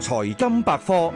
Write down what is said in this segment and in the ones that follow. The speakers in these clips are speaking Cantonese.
財金百科：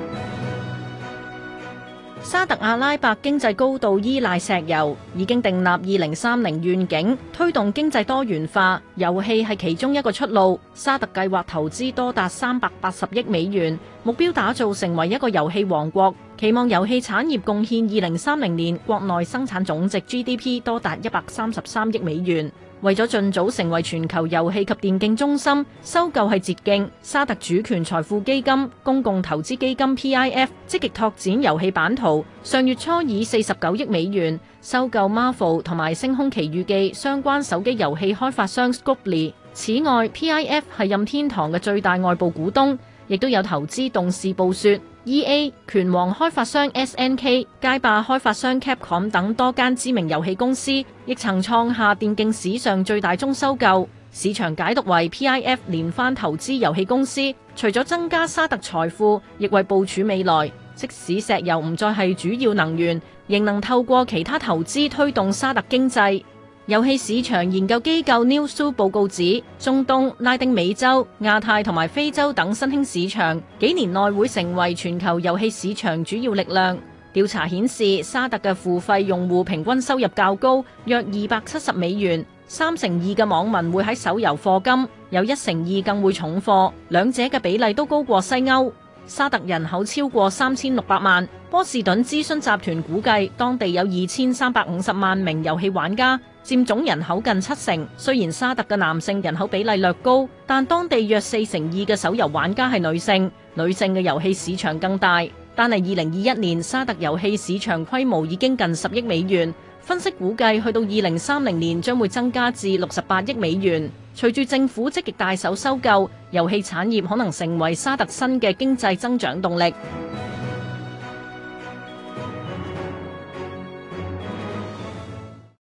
沙特阿拉伯經濟高度依賴石油，已經訂立二零三零願景，推動經濟多元化。遊戲係其中一個出路。沙特計劃投資多達三百八十億美元，目標打造成為一個遊戲王國。期望遊戲產業貢獻二零三零年國內生產總值 GDP 多達一百三十三億美元。為咗儘早成為全球遊戲及電競中心，收購係捷徑。沙特主權財富基金公共投資基金 PIF 積極拓展遊戲版圖。上月初以四十九億美元，收購 Marvel 同埋星空奇遇記相關手機遊戲開發商 Scopely。此外，PIF 係任天堂嘅最大外部股東。亦都有投資動視暴雪，E A 拳王開發商 S N K 街霸開發商 Capcom 等多間知名遊戲公司，亦曾創下電競史上最大宗收購。市場解讀為 P I F 連番投資遊戲公司，除咗增加沙特財富，亦為部署未來。即使石油唔再係主要能源，仍能透過其他投資推動沙特經濟。遊戲市場研究機構 Newzoo 報告指，中東、拉丁美洲、亞太同埋非洲等新興市場，幾年內會成為全球遊戲市場主要力量。調查顯示，沙特嘅付費用戶平均收入較高，約二百七十美元，三成二嘅網民會喺手遊課金，有一成二更會重課，兩者嘅比例都高過西歐。沙特人口超過三千六百萬，波士頓諮詢集團估計當地有二千三百五十萬名遊戲玩家，佔總人口近七成。雖然沙特嘅男性人口比例略高，但當地約四成二嘅手遊玩家係女性，女性嘅遊戲市場更大。但係二零二一年沙特遊戲市場規模已經近十億美元，分析估計去到二零三零年將會增加至六十八億美元。隨住政府積極大手收購，遊戲產業可能成為沙特新嘅經濟增長動力。